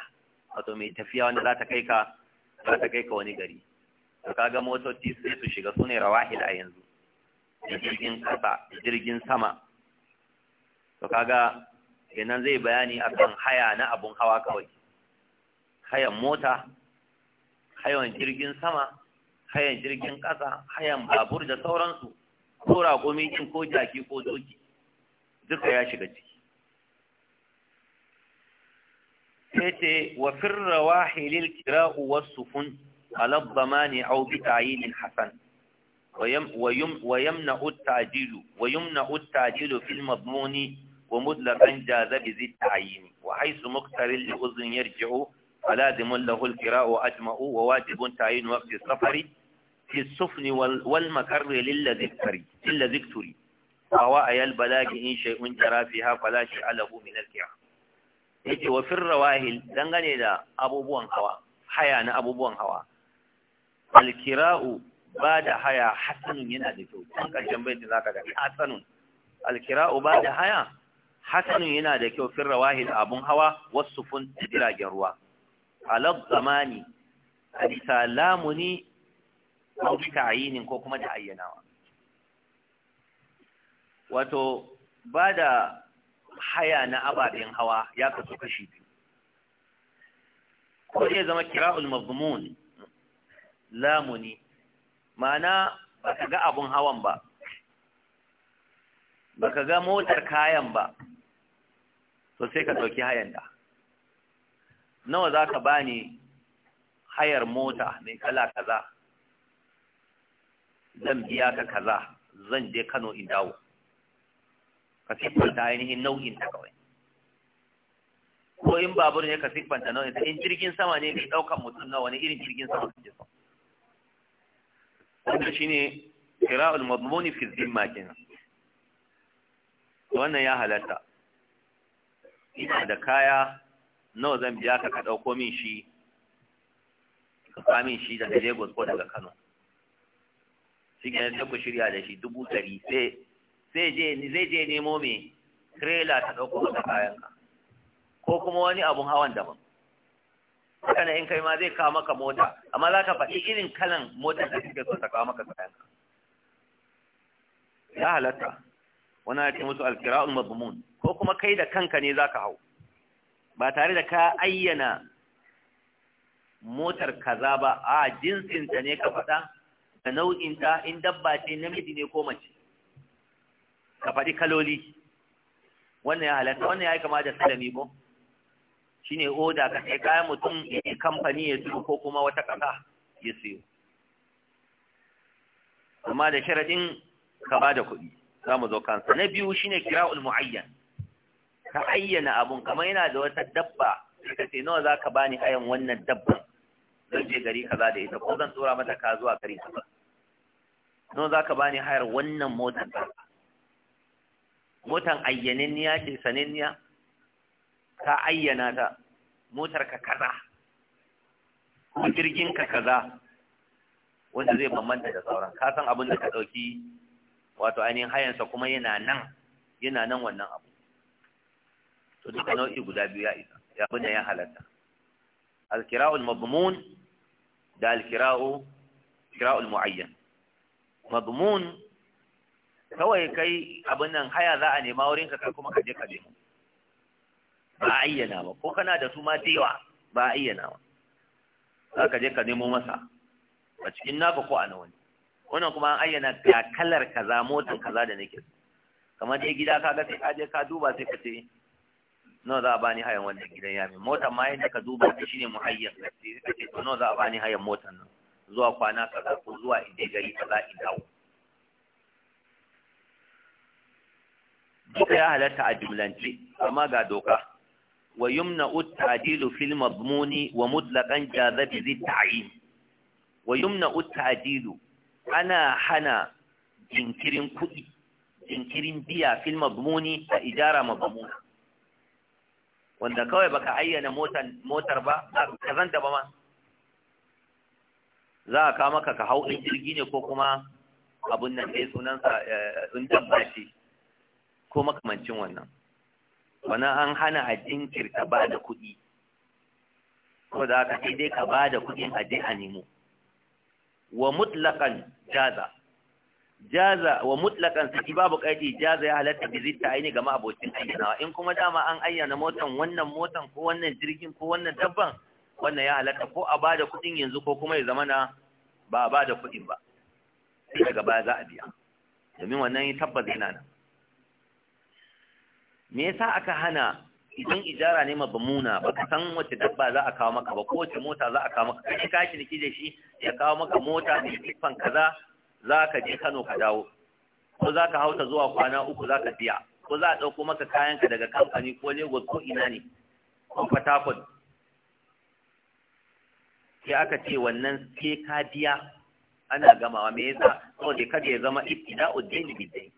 wato mai tafiya wanda za ta kai ka ba ta kai ka wani gari to kaga motoci sai su shiga su ne rawahil a yanzu da jirgin kasa jirgin sama to kaga kenan zai bayani akan haya na abun hawa kawai hayan mota hayan jirgin sama hayan jirgin kasa hayan babur da sauransu ko raƙumi ko jaki ko doki duka ya shiga ciki هتي وفي الرواحل الكراء والسفن على الضمان او بتعيين حسن ويم ويم ويمنع التعجيل ويمنع التعجيل في المضمون ومدلقا جاز بذي التعيين وحيث مقتر لاذن يرجع فلازم له الكراء اجمع وواجب تعيين وقت السفر في السفن والمكر للذي اكتري فهو اي البلاغ ان شيء جرى فيها فلا شيء له من الكراء yake wa firra wahil dangane da abubuwan hawa haya na abubuwan hawa alkira'u ba da haya hasanun yana da kyau kan ƙarshen baitin zaka ga hasanun alkira'u ba da haya hasanun yana da kyau firra wahil abun hawa wasu fun jiragen ruwa alab zamani a bisa lamuni ko ta'ayinin ko kuma da ayyanawa wato ba da haya na ababen hawa ya kasu kashi ko zai zama kira'ul mazmun lamuni ma'ana ba ka ga abun hawan ba ba ka ga motar kayan ba to sai ka dauki hayan da nawa za ka bani hayar mota mai kala kaza zan biya ka kaza zan je kano in dawo ka siffanta ainihin nau'in ta kawai ko in babur ne ka siffanta nau'in ta in jirgin sama ne mai ɗaukan mutum na wani irin jirgin sama kake so wanda shine qira'ul madmuni fi dhimma kenan wannan ya halatta ina da kaya nawa zan biya ka ka ɗauko min shi ka kawo min shi daga Lagos ko daga Kano shi ne ta ku shirya da shi dubu ɗari sai zai je zai je nemo me trailer ta dauko masa kayan ka ko kuma wani abun hawan daban kana in kai ma zai kawo maka mota amma za ka faɗi irin kalan motar da suke so ta kawo maka kayan ka ya halatta wani ya ce musu alkira'un mabmun ko kuma kai da kanka ne za ka hau ba tare da ka ayyana motar kaza ba a jinsinta ne ka faɗa da nau'inta in dabba ce namiji ne ko mace ka faɗi kaloli wannan ya halatta wannan ya yi kama da salami ko ne oda ka sai kayan mutum kamfani ya siyo ko kuma wata ƙasa ya siyo amma da sharaɗin ka ba da kuɗi za mu zo kansa na biyu shi ne kira mu'ayyan ka ayyana abun kama yana da wata dabba ka ce nawa za ka bani hayan wannan dabban zan je gari kaza da ita ko zan tsora mata ka zuwa gari kaza nawa za ka bani hayar wannan motar ka motan ayyananniya ce sananniya ka ayyana ta motar ka kaza ko jirgin ka kaza wanda zai bambanta da sauran ka san abin da ka ɗauki wato ainihin hayansa kuma yana nan yana nan wannan abu to duka nau'i guda biyu ya isa ya bi da ya halatta alkira'ul mabmun da alkira'u muayyan mabmun. kawai kai abin nan haya za a nema wurin ka kuma ka je ka je ba a ayyana ba ko kana da su ma tewa ba a ayyana ba za ka je ka nemo masa a cikin naka ko a na wani wannan kuma an ayyana ga kalar kaza motan kaza da nake kamar dai gida ka ga sai ka je ka duba sai ka ce nawa za a bani hayan wannan gidan ya mai motan ma yadda ka duba ta shine muhayyan sai ka ce nawa za a bani hayan motan nan zuwa kwana kaza ko zuwa inda gari kaza in dawo duka ya halatta a jumlance amma ga doka wa yumna at-ta'dilu fil madmuni wa mutlaqan jaza bi ta'yin wa yumna at-ta'dilu ana hana jinkirin kudi jinkirin biya fil madmuni a ijara madmuna wanda kawai baka ayyana motar motar ba ka zanta ba ma za a maka ka hau injirgi jirgi ne ko kuma abun nan sai sunansa eh, in tabbaci. ko makamancin wannan wannan an hana a jinkirta ba da kuɗi ko da aka ce dai ka ba da kuɗin a je a nemo wa mutlaƙan jaza jaza wa mutlaƙan saki babu ƙarfi jaza ya halatta bi zitta aini ga abokin ayyana in kuma dama an ayyana motan wannan motan ko wannan jirgin ko wannan dabban wannan ya halatta ko a bada kuɗin yanzu ko kuma ya zama na ba a bada kuɗin ba Sai daga baya za a biya domin wannan tabbas yana nan me yasa aka hana idan ijara ne mabamuna baka san wace dabba za a kawo maka ba ko wace mota za a kawo maka kai ka shi niki da shi ya kawo maka mota da sifan kaza za ka je Kano ka dawo ko za ka hauta zuwa kwana uku za ka biya ko za a ɗauko maka kayanka daga kamfani ko Lagos ko ina ne ko Port Harcourt sai aka ce wannan sai ka biya ana gamawa me yasa saboda kada ya zama ibtida'u dayn bidai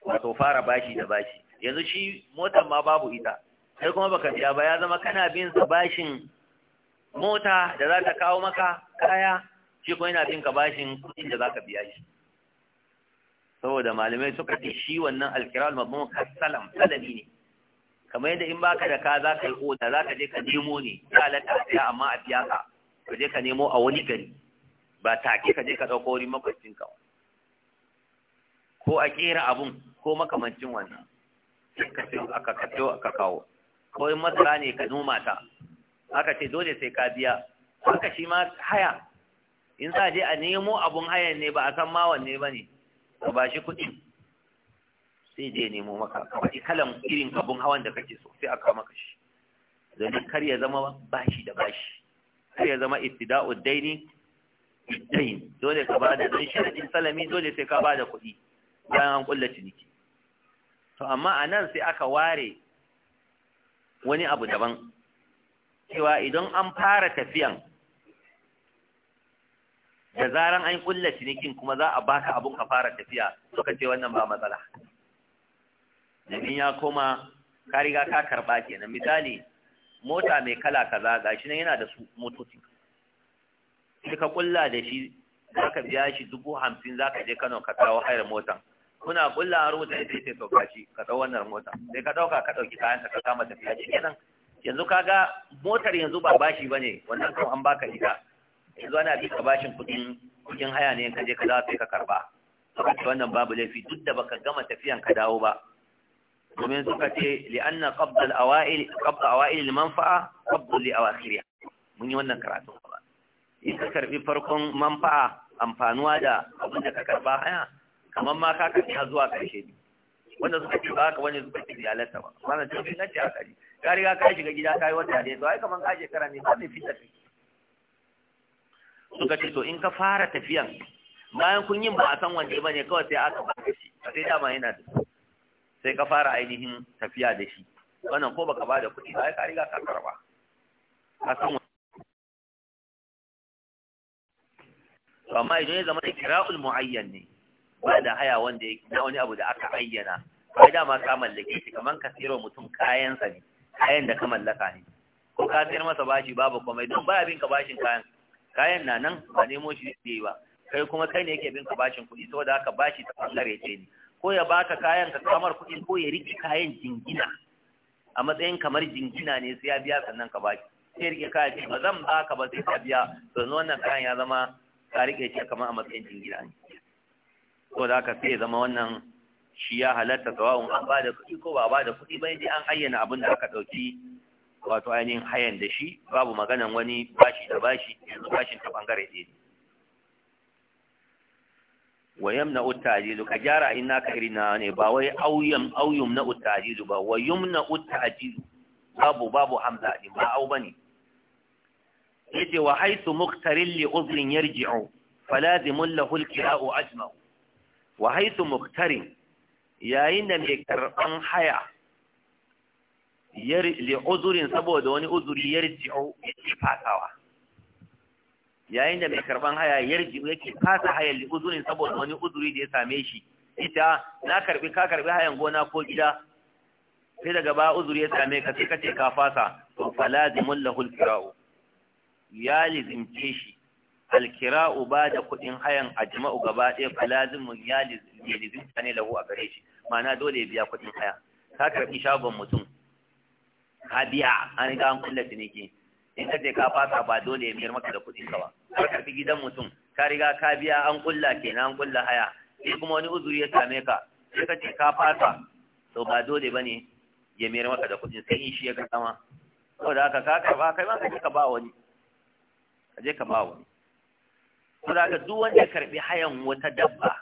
wato fara bashi da bashi yanzu shi motar ma babu ita sai kuma baka biya ba ya zama kana bin sa bashin mota da za ta kawo maka kaya shi kuma yana bin ka bashin kudin da za ka biya shi saboda malamai suka ce shi wannan alkiral mabmun kasalam salami ne kamar yadda in baka da ka za ka yi oda za ka je ka nemo ne ya lata ya, amma a biya ka ka je ka nemo a wani gari ba take ka je ka ɗauko wurin makwacin ka ko a ƙera abun ko makamancin wannan sai ka aka kato, aka kawo ko in masara ne ka noma ta aka ce dole sai ka biya haka shi ma haya in za je a nemo abun hayan ne ba a san ma wanne ba ne ka ba shi kuɗi sai je nemo maka kawai kalan irin abun hawan da kake so sai aka maka shi domin kar ya zama bashi da bashi kar ya zama ibtida'u daini dain dole ka ba da dan da salami dole sai ka ba da kuɗi bayan an kullace niki to amma a nan sai aka ware wani abu daban cewa idan an fara tafiyan da zaran an kulla cinikin kuma za a baka abun ka fara tafiya to ka ce wannan ba matsala domin ya koma ka riga ka karba kenan misali mota mai kala kaza gashi nan yana da su motoci sai ka kulla da shi za ka biya shi dubu hamsin za ka je kano ka kawo hayar motan kuna kulla a rubuta ita ce to ka dau wannan mota sai ka dauka ka dauki kayan ka kama tafiya kenan yanzu kaga motar yanzu ba bashi bane wannan kan an baka ita yanzu ana bi ka bashin kudin kudin haya ne ka je ka dawo sai ka karba saboda wannan babu laifi duk da baka gama tafiyan ka dawo ba domin suka ce li'anna qabda al-awa'il qabda awa'il manfaa qabda li awakhiriha mun yi wannan karatu ba in ka karbi farkon manfa'a amfanuwa da abin da ka karba haya kamar ma ka ka zuwa karshe ne wanda suka ce ba ka wani suka ce iyalarsa ba wannan jirgin na ce a ƙari. ka riga ka shiga gida ka yi wata ne to ai kamar ka shekara ne ba mai fita kai suka ce to in ka fara tafiyan bayan kun yin ba a san wanda ba ne kawai sai aka ba shi sai dama yana da sai ka fara ainihin tafiya da shi wannan ko baka ba da kuɗi ba ai ka riga ka karba ka san to amma idan ya zama ikra'ul muayyan ne ba da haya wanda yake na wani abu da aka ayyana ai dama ka mallake shi kaman ka tsiro mutum kayan sa ne kayan da ka mallaka ne ko ka tsayar masa bashi babu komai don baya bin ka bashin kayan kayan na nan ba nemo shi da ba kai kuma kai ne yake bin ka bashin kuɗi saboda haka bashi ta bangare ce ne ko ya baka kayan ka kamar kuɗin ko ya riki kayan jingina a matsayin kamar jingina ne sai ya biya sannan ka bashi sai ya riƙe kayan ce ba zan baka ba sai ka biya sannan wannan kayan ya zama ka rike shi kamar a matsayin jingina ne ko da aka sai zama wannan shi ya halatta sawa'un an ba da kuɗi ko ba ba da kuɗi ba ne an ayyana abin da aka ɗauki wato ainihin hayan da shi babu maganan wani bashi da bashi yanzu bashin ta ɓangare ɗaya ne na uta utajilu ka gyara in naka irin na ne ba wai auyam auyum na utajilu ba na uta utajilu babu babu hamza din ba au bane yace wa haythu muqtarin li uzrin yarji'u falazimun lahu al ajma'u wa haisu muktarin yayin da mai karɓan haya li uzurin saboda wani uzuri yarji'u yake fasawa yayin da mai karɓan haya yarji'u yake fasa haya li uzurin saboda wani uzuri da ya same shi ita na karbi ka karbi hayan gona ko gida sai daga ba uzuri ya same ka sai kace ka fasa to falazimun lahul kira'u ya lizimce shi Alkira ba da kuɗin hayan a jima'u gaba ɗaya fa mun ya lizinta ne lahu a gare shi ma'ana dole ya biya kuɗin haya ka karɓi shagon mutum ka biya an riga an kulle ciniki in ka je ka fasa ba dole ya miyar maka da kuɗin ka ba ka karɓi gidan mutum ka riga ka biya an kulla na an kulla haya sai kuma wani uzuri ya same ka sai ka ce ka fasa to ba dole ba ne ya miyar maka da kuɗin sai in shi ya ga sama saboda haka ka karɓa kai ma ka je ka ba wani ka je ka ba wani ga duk wanda ya karbi hayan wata dabba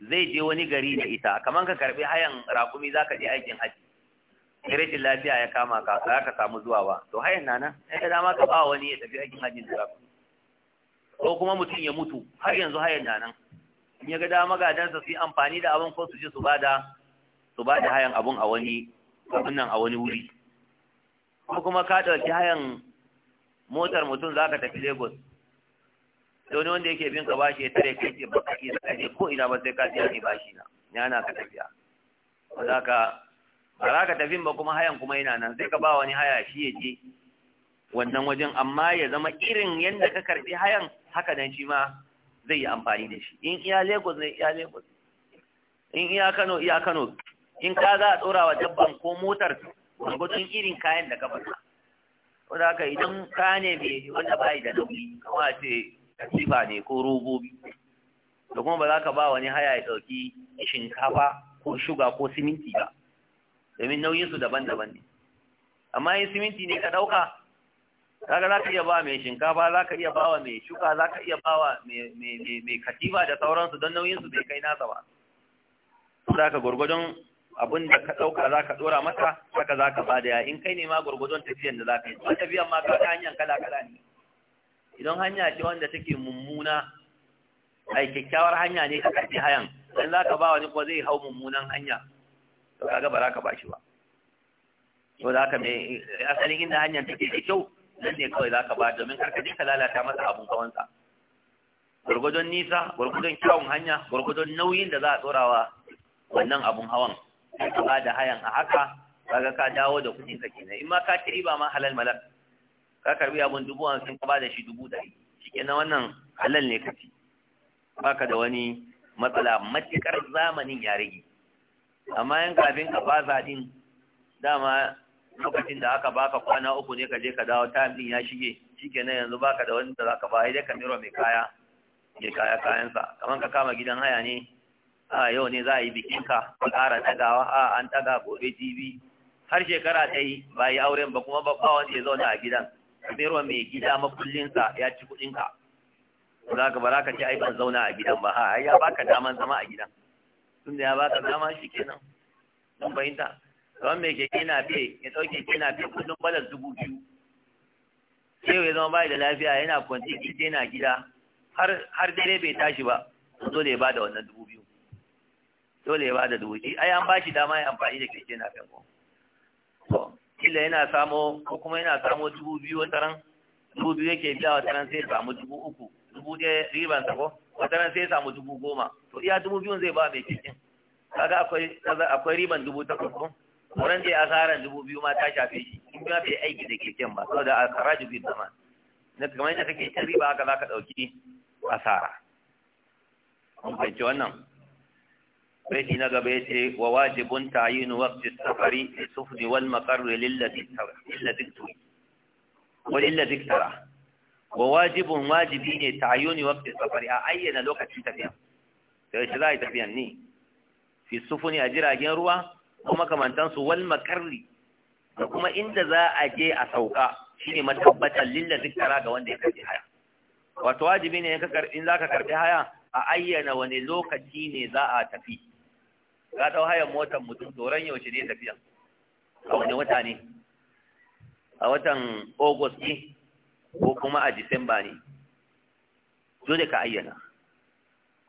zai je wani gari da ita kamar ka karbi hayan rakumi zaka je aikin haji rashin lafiya ya kama ka za ka samu zuwa ba to hayan na nan ya dama ka ba wani ya tafi aikin hajji da rakumi ko kuma mutum ya mutu har yanzu hayan na nan in ya ga dama gadansa su yi amfani da abin ko su je su da su da hayan abun a wani abin nan a wani wuri ko kuma ka ɗauki hayan motar mutum za ka tafi lagos da wani wanda yake bin ka bashi ya tare kai ba ka iya kaje ko ina ba sai ka ji ne bashi na ya na ka tafiya ba za ka ba za ka tafi ba kuma hayan kuma yana nan sai ka ba wani haya shi ya je wannan wajen amma ya zama irin yadda ka karbi hayan haka nan shi ma zai yi amfani da shi in iya Lagos ne iya Lagos in iya Kano iya Kano in ka za a tsora wa dabban ko motar gudun irin kayan da ka fasa wanda haka idan ka ne mai wanda ba da nauyi kama ce katifa ne ko robobi da kuma ba za ka ba wani haya ya ɗauki shinkafa ko shuga ko siminti ba domin nauyinsu daban-daban ne amma yin siminti ne ka ɗauka kaga za ka iya ba mai shinkafa za ka iya ba wa mai shuka za ka iya ba wa mai katifa da sauransu don nauyinsu bai kai nasa ba za ka gwargwadon abin da ka ɗauka za ka ɗora mata haka za ka bada ya in kai ne ma gwargwadon tafiyan da za ka yi tafiyan ma ka hanyar kala-kala ne idan hanya ce wanda take mummuna ai kyakkyawar hanya ne ka kace hayan dan zaka ba wani ko zai hau mummunan hanya to kaga ba za ka bashi ba to zaka haka me asalin inda hanyar take da kyau nan ne kawai za ka ba domin karka je ka lalata masa abun kawansa gurgudun nisa gurgudun kyawun hanya gurgudun nauyin da za a tsorawa wannan abun hawan ka ba da hayan a haka kaga ka dawo da kuɗin ka kenan in ma ka kiri ba ma halal malak ka karbi abun dubu hamsin ka da shi dubu dari. shi na wannan halal ne kaci. Ba baka da wani matsala matuƙar zamanin ya rage amma yan kafin ka fasa din dama lokacin da aka baka kwana uku ne ka je ka dawo ta din ya shige na yanzu baka da wani da zaka ba sai dai ka miro mai kaya mai kaya kayansa kamar ka kama gidan haya ne a yau ne za a yi bikin ka ka ƙara tagawa a an taga gobe tv har shekara ta yi ba yi auren ba kuma ba wanda ya zauna a gidan ka mai gida makullinsa ya ci kudinka za ka ba za ka ce ai ban zauna a gidan ba ha ya baka daman zama a gidan tun da ya baka dama shi kenan don fahimta kamar mai keke na fe ya dauke keke na fe kullum balas dubu biyu sai ya zama bai da lafiya yana kwanci kike na gida har dare bai tashi ba dole ya bada wannan dubu biyu dole ya bada dubu biyu ai an bashi dama ya amfani da keke na fe ko kila yana samo ko kuma yana samo dubu biyu wataran dubu biyu yake biya wataran sai samu dubu uku dubu ɗaya riban sa ko wataran sai samu dubu goma to iya dubu biyun zai ba mai cikin kaga akwai akwai riban dubu takwas ko wurin da asaran dubu biyu ma ta shafe shi in ba bai aiki da keken ba saboda a karaju bi zama na kamar yadda kake cin riba haka ka ɗauki asara. Kun fahimci wannan? baiti na gaba ya ce wa wajibin ta yi ni waqti safari sufni wal maqarri lillati tara walillati tara wa wajibin wajibi ne ta yi ni waqti safari a ayyana lokacin tafiya Da shi za a yi tafiyan ne fi sufuni a jiragen ruwa kuma kamantansu wal makarri da kuma inda za a je a sauka shine matabbatar lillati tara ga wanda ya karbi haya wato wajibi ne in za ka karbi haya a ayyana wani lokaci ne za a tafi ka ɗau hayan motar mutum doron yaushe ne tafiya a wani wata ne a watan Ogos ne ko kuma a Disamba ne dole ka ayyana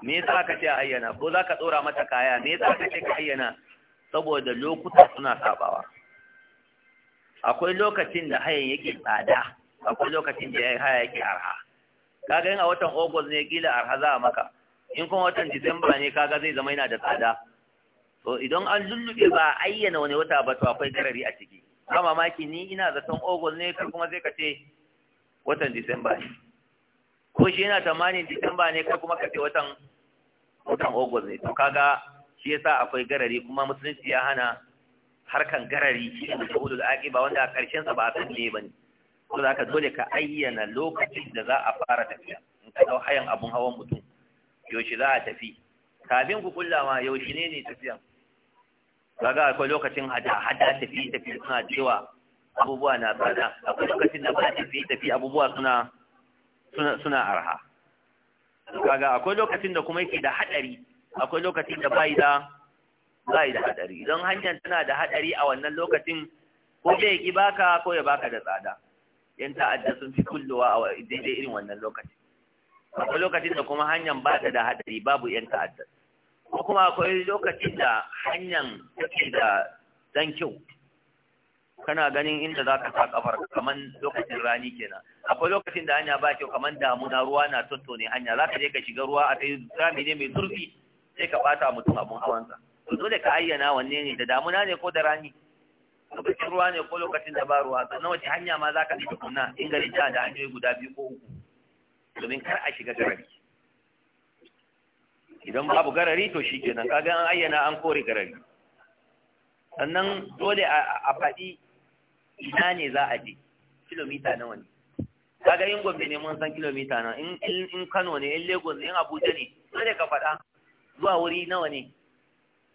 me yasa ka ce ayyana ko za ka tsora mata kaya me yasa ka ce ka ayyana saboda lokuta suna sabawa akwai lokacin da hayan yake tsada akwai lokacin da haya yake arha kaga yin a watan Ogos ne kila arha za a maka in kuma watan Disamba ne kaga zai zama yana da tsada to idan an lullube ba a ayyana wani wata ba to akwai garari a ciki ba mamaki ni ina zaton ogol ne kar kuma sai ka watan disamba ne ko shi yana tamanin disamba ne kar kuma ka ce watan watan ogol ne to kaga shi yasa akwai garari kuma musulunci ya hana harkan garari shi ne shahudul aqiba wanda a karshen sa ba a san ba ne. ko zaka dole ka ayyana lokacin da za a fara tafiya in ka dau hayan abun hawan mutum yaushe za a tafi kafin ku kullawa yaushe ne ne tafiyan kaga akwai lokacin hada hada tafi tafi suna cewa abubuwa na tsada akwai lokacin da ba tafi tafi abubuwa suna suna suna arha kaga akwai lokacin da kuma yake da hadari akwai lokacin da bai da bai da hadari idan hanyar tana da hadari a wannan lokacin ko bai ki baka ko ya baka da tsada yan ta'adda sun fi kullowa a daidai irin wannan lokacin akwai lokacin da kuma hanyar ba ta da hadari babu yan ta'adda ko kuma akwai lokacin da hanyar take da dan kyau kana ganin inda za ka sa kafar kaman lokacin rani kenan akwai lokacin da hanya ba kyau kamar damuna ruwa na tattone hanya za ka je ka shiga ruwa a kai rami ne mai zurfi sai ka bata mutum abun hawansa to dole ka ayyana wanne ne da damuna ne ko da rani lokacin ruwa ne ko lokacin da ba ruwa sannan wace hanya ma za ka shiga kunna? in gari da hanyoyi guda biyu ko uku domin kar a shiga garari idan babu garari to shi kenan kaga an ayyana an kore garari sannan dole a faɗi ina ne za a je kilomita nawa ne kaga in gombe ne mun san kilomita nawa in Kano ne in Lagos ne in Abuja ne dole ka faɗa zuwa wuri nawa ne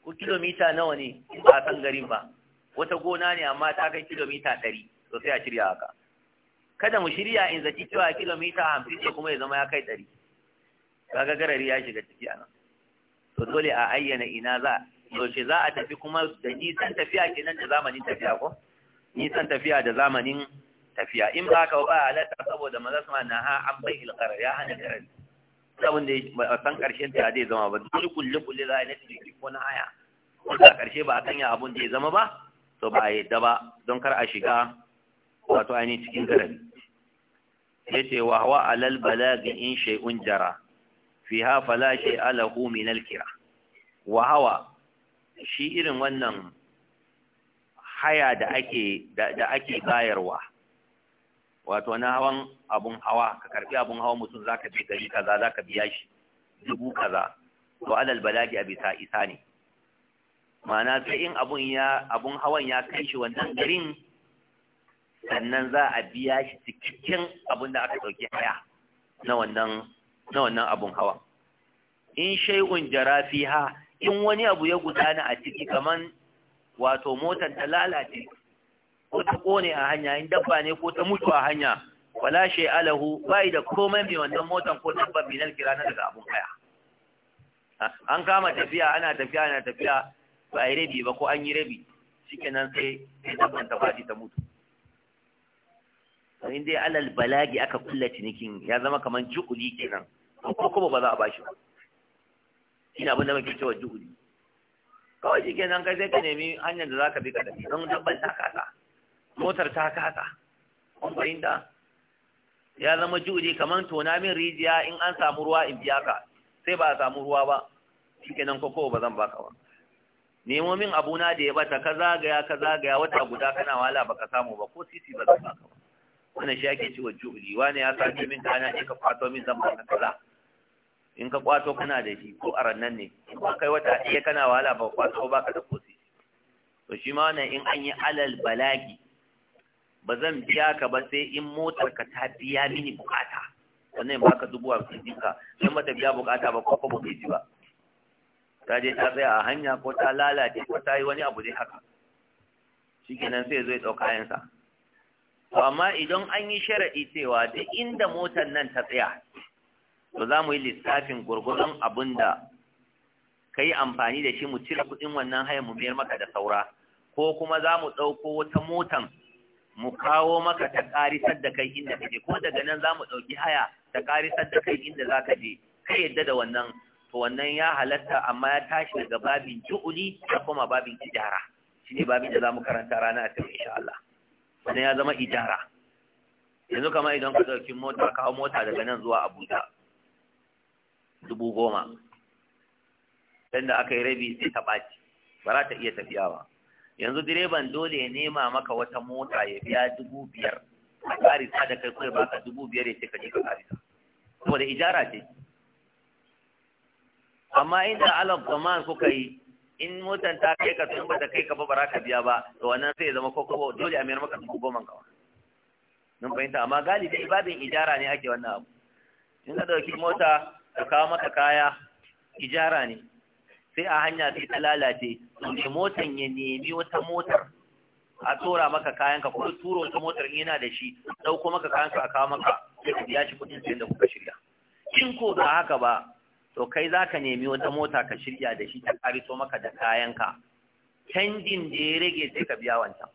ko kilomita nawa ne in ba san garin ba wata gona ne amma ta kai kilomita ɗari to sai a shirya haka kada mu shirya in zaci cewa kilomita hamsin ne kuma ya zama ya kai ɗari kaga garari ya shiga ciki anan to dole a ayyana ina za yaushe za a tafi kuma da nisan tafiya kenan da zamanin tafiya ko nisan tafiya da zamanin tafiya in ba ka ba halatta saboda su na ha an bai ilkar ya hana karari saboda ba san karshen ta zai zama ba duk kulle kulle za a yi na ko na haya wanda a karshe ba a kan yi abun da ya zama ba to ba a yadda ba don kar a shiga wato ainihin cikin karari ya ce wa hawa alal balagi in shay'un jara fiha fala shi lahu min alkira wa hawa shi irin wannan haya da ake da ake bayarwa wato na hawan abun hawa ka karbi abun hawa mutum zaka je gari kaza zaka biya shi dubu kaza to alal balagi a bisa isa ne Mana sai in abun ya abun hawan ya kai shi wannan garin sannan za a biya shi cikakken abun da aka dauki haya na wannan na wannan abun hawa in shay'un jara ha, in wani abu ya gudana a ciki kamar wato motar ta lalace ko ta kone a hanya in dabba ne ko ta mutu a hanya wala shay alahu bai da komai mai wannan motar ko dabba min kira na daga abun haya ah, an kama tafiya ana tafiya ana tafiya ba a yi rabi ba ko an yi rabi shikenan sai dabban ta fadi ta mutu sai in dai alal balagi aka kulla cinikin ya zama kaman ju'uli kenan ko kuma ba za a bashi ba ina abin da muke cewa ju'uli kawai shi kenan kai sai ka nemi hanyar da za ka bi ka dafi don dabban ta kasa motar ta kasa kun fahimta ya zama ju'uli kaman tona min rijiya in an samu ruwa in biya ka sai ba a samu ruwa ba shi kenan ko ba zan baka ba nemo min abuna da ya bata ka zagaya ka zagaya wata guda kana wala baka samu ba ko sisi ba zan baka ba wannan shi ake cewa juhudi wani ya sa jimin da ana ka kwato min zama na kaza in ka kwato kana da shi ko aran nan ne in ba kai wata iya kana wahala ba kwato ba ka da kosi to shi ma wannan in an yi alal balagi ba zan biya ka ba sai in motar ka ta biya mini bukata wannan ba ka dubu hamsin ɗinka sai mata biya bukata ba ko ba ji ba ta je ta tsaya a hanya ko ta lalace ko ta yi wani abu dai haka kenan sai zo ya ɗauka kayansa to amma idan an yi sharaɗi cewa duk inda motar nan ta tsaya to za mu yi lissafin gurgurun abin da ka yi amfani da shi mu cire kuɗin wannan hayan mu biyar maka da saura ko kuma za mu ɗauko wata motan mu kawo maka ta ƙarisar da kai inda ka je ko daga nan za mu ɗauki haya ta ƙarisar da kai inda za ka je ka yadda da wannan to wannan ya halatta amma ya tashi daga babin ju'uli da kuma babin ijara shi ne babin da za mu karanta rana a cikin insha Allah wani ya zama ijara yanzu kama idan ka ɗauki mota kawo mota daga nan zuwa abuja dubu goma sanda aka yi rabi sai ta ɓaci ba za ta iya tafiya ba yanzu direban dole ya nema maka wata mota ya biya dubu biyar a sa da kai kawai baka dubu biyar ya ce ka je ka ƙarisa saboda ijara ce amma inda alam zaman kuka yi in motan ta kai ka tun ta kai ka ba baraka biya ba to wannan sai ya zama kokobo dole a mayar maka dubu goma ka Mun fahimta amma galibi babin ijara ne ake wannan abu in ka dauki mota ka kawo maka kaya ijara ne sai a hanya sai ta lalace to ne motan ya nemi wata motar a tura maka kayan ka kuma turo wata motar yana da shi dauko maka kayan ka a kawo maka sai shi kuɗin da kuka shirya in ko ba haka ba to kai za ka nemi wata mota ka shirya da shi ta kariso maka da kayanka canjin da ya rage sai ka biya wancan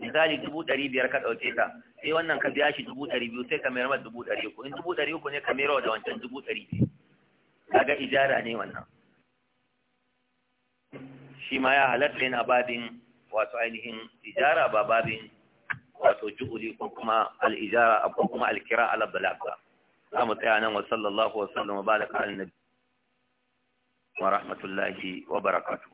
misali dubu ɗari biyar ka ɗauke ta sai wannan ka biya shi dubu ɗari biyu sai ka mayar mata dubu ɗari uku in dubu ɗari uku ne ka mayar da wancan dubu ɗari biyu kaga ijara ne wannan shi ma ya halatta yana babin wato ainihin ijara ba babin wato ju'uli ko kuma al-ijara ko kuma al-kira ala balagha za mu tsaya nan wa sallallahu wa sallam wa baraka wa rahmatullahi wa barakatu.